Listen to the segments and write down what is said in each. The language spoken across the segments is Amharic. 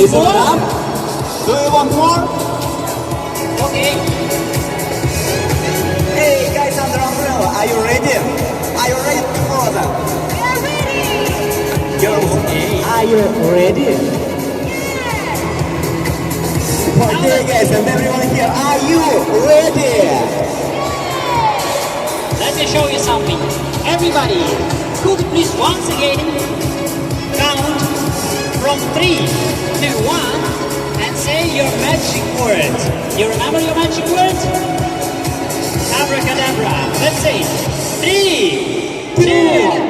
Is it up? Do you want more? Okay. Hey guys on the umbrella, are you ready? Are you ready for them? We are ready. Girls, are you ready? Yeah. Party guys and everyone here, are you ready? Yeah. Let me show you something. Everybody, could please once again count from three one and say your magic word. You remember your magic word? Abracadabra. Let's say three, two,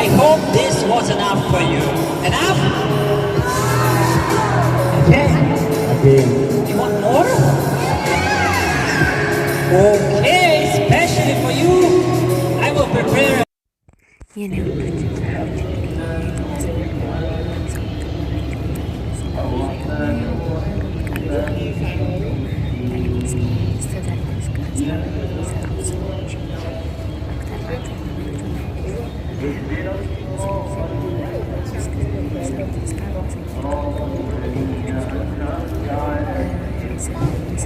I hope this was enough for you. Enough? Okay. Okay. You want more? Okay, especially for you, I will prepare. You know, I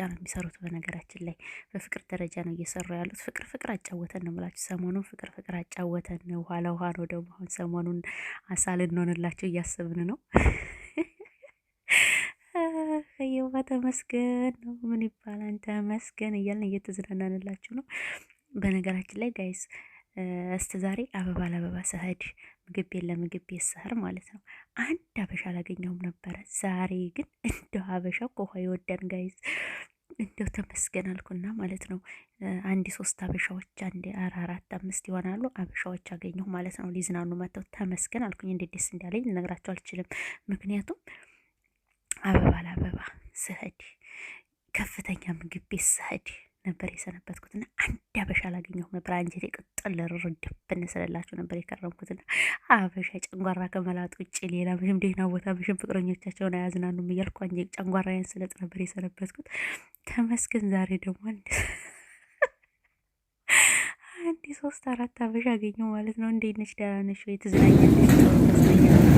ደረጃ ነው የሚሰሩት። በነገራችን ላይ በፍቅር ደረጃ ነው እየሰሩ ያሉት። ፍቅር ፍቅር አጫወተን ነው የምላችሁ። ሰሞኑን ፍቅር ፍቅር አጫወተን ውሃ ነው ደግሞ አሁን ሰሞኑን አሳል እንሆንላቸው እያሰብን ነው። የውሃ ተመስገን ነው ምን ይባላል ተመስገን እያልን እየተዝናናንላችሁ ነው። በነገራችን ላይ ጋይስ እስከ ዛሬ አበባ ለአበባ ስሄድ ምግብ ቤት ለምግብ ቤት ስህር ማለት ነው። አንድ አበሻ አላገኘሁም ነበረ። ዛሬ ግን እንደ ሀበሻ ኮሆ የወደን ጋይዝ እንደው ተመስገን አልኩና ማለት ነው። አንድ ሶስት አበሻዎች አንድ አራት አምስት ይሆናሉ አበሻዎች አገኘሁ ማለት ነው። ሊዝናኑ መጥተው ተመስገን አልኩኝ። እንዴት ደስ እንዳለኝ ልነግራቸው አልችልም። ምክንያቱም አበባ ለአበባ ስህድ ከፍተኛ ምግብ ቤት ስህድ ነበር የሰነበትኩትና አንድ አበሻ አላገኘሁም ነበር። አንጀቴ ቅጠል ርርድብ ብንስለላቸው ነበር የከረምኩትና አበሻ ጨንጓራ ከመላጥ ውጭ ሌላ ምሽም ደህና ቦታ ምሽም ፍቅረኞቻቸውን አያዝናኑም እያልኩ አንጀ ጨንጓራዬን ስለጥ ነበር የሰነበትኩት። ተመስገን ዛሬ ደግሞ አንድ አንድ ሶስት አራት አበሻ አገኘሁ ማለት ነው። እንዴት ነሽ? ደህና ነሽ ወይ? ትዝናኛለሽ?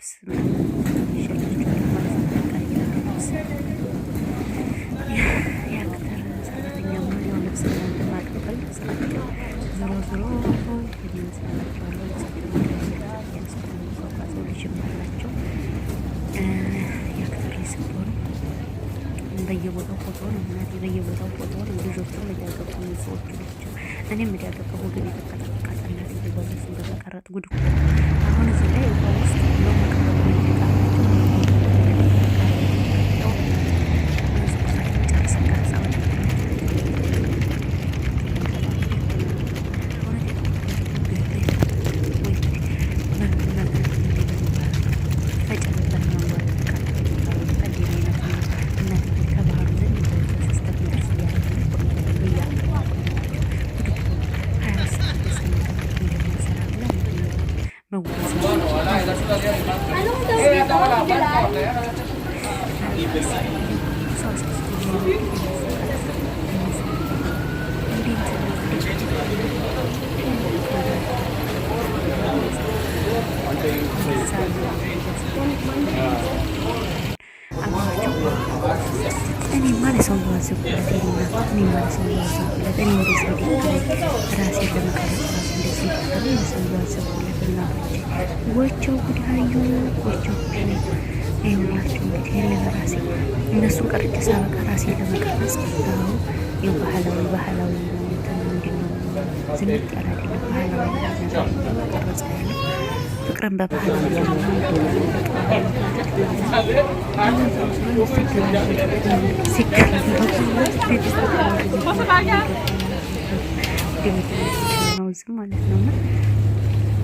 ልብስ የአክተር ሰራተኛ ሙሉ ልብስ ማቀበል ዞሮ ዞሮ የሚያስፈልጋቸው ልጅም አላቸው የአክተር ስትሆኑ በየቦታው ፎቶ ነው እናቴ፣ በየቦታው ፎቶ ነው። ልጆቹም እያገቡ ሰዎቹ ልጆች እኔም እያገባ ወገን የተቀጠቀጠ እናቴ በዛ ስንበዛ ቀረጥ ጉድ አሁን እኔ ማለት ሰው ሰው ለእኔ እንደዚህ ወደ ራሴን ለመቀረጽ ራሱ እንደ ሲታይ ዝም ብሎ አሰብኩለት እና ወቸው ጉዳዩ ወቸው ጉዳዩ ይሁላቸው እንግዲህ ያለ በራሴ እነሱን ቀርጬ ሳበቃ ራሴ ለመቀረጽ ሁ የባህላዊ ባህላዊ ዝምጥ ያለ አይደለም። ባህላዊ ቀረጽ ያለ ፍቅርን በባህላዊ ሲገናኝ ወንዝም ማለት ነው እና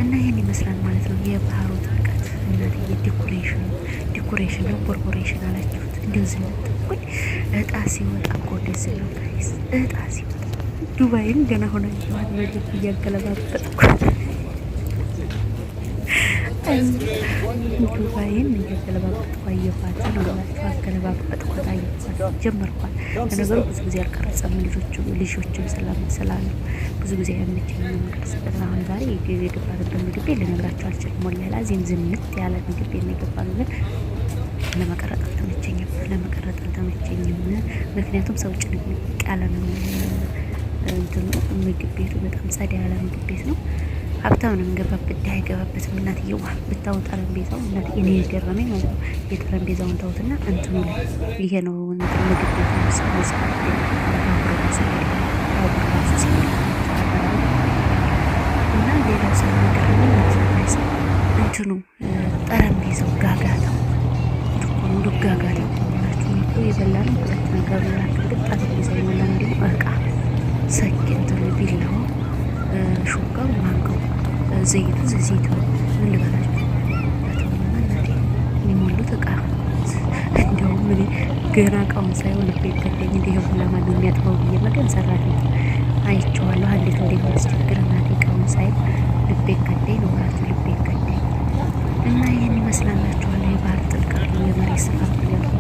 እና ይህን ይመስላል ማለት ነው የባህሩ ጥልቀት እናትዬ ዲኮሬሽኑ ዲኮሬሽን ነው ኮርፖሬሽን አላችሁት። እንዲሁ ዝንጠቁኝ እጣ ሲወጣ እኮ እንደዚህ ነው እጣ ሲወጣ ዱባይም ገና ሆና ይዋል መድብ እያገለባበጥኩ ዱባይን እየገለባበጥኩ አየኋት ነላቸው አገለባበጥኳት አየኋት ጀመርኳት። ለነገሩ ብዙ ጊዜ አልቀረጸም ልጆችም ስላሉ ብዙ ጊዜ አይመቸኝም የምቀርጽበት። አሁን ዛሬ የገባንበት ምግብ ልነግራቸው አልችልም። ወላሂ ላዚም ዝንጥ ያለ ምግብ ቤት ለመቀረጥ አልተመቸኝም። ለመቀረጥ አልተመቸኝም ምክንያቱም ሰው ጭንቅንቅ ያለ ነው። ምግብ ቤቱ በጣም ጸዳ ያለ ምግብ ቤት ነው። ሀብታም ነው የሚገባበት፣ ድሀ አይገባበትም። እናትዬዋ ብታው ጠረጴዛው እናት እኔ የገረመኝ ማለት ነው የጠረጴዛውን ታውትና እንትኑ ላይ ይሄ ነው ምግብ ቤት ነው ሳሳ እና ሌላ ሰው የገረመኝ እንትኑ ጠረጴዛው ጋጋታው ሁሉ ጋጋታው ናቸው የበላ ነው ሁለት ነገር ግን ጠረጴዛ የበላ ነው ደግሞ እቃ ሰኪ እንትኑ ቢላዋ ሹካ ማንቀው ዘይቱ ዘይቱ ምን ልበላቸው እንዲሁም እኔ ገና እቃውን ሳይሆን ልብ ይገለኝ እንደ ቡና ማን የሚያጥበው ብዬ መገን ሰራተኛ አይቼዋለሁ። አንዴት እንዴት ማስቸግር እናቴ እቃውን ሳይ ልብ ይገለኝ ነው ማለት ልብ ይገለኝ እና ይህን ይመስላላችኋል። የባህር ጥልቀቱ የመሬት ስፋት ነው።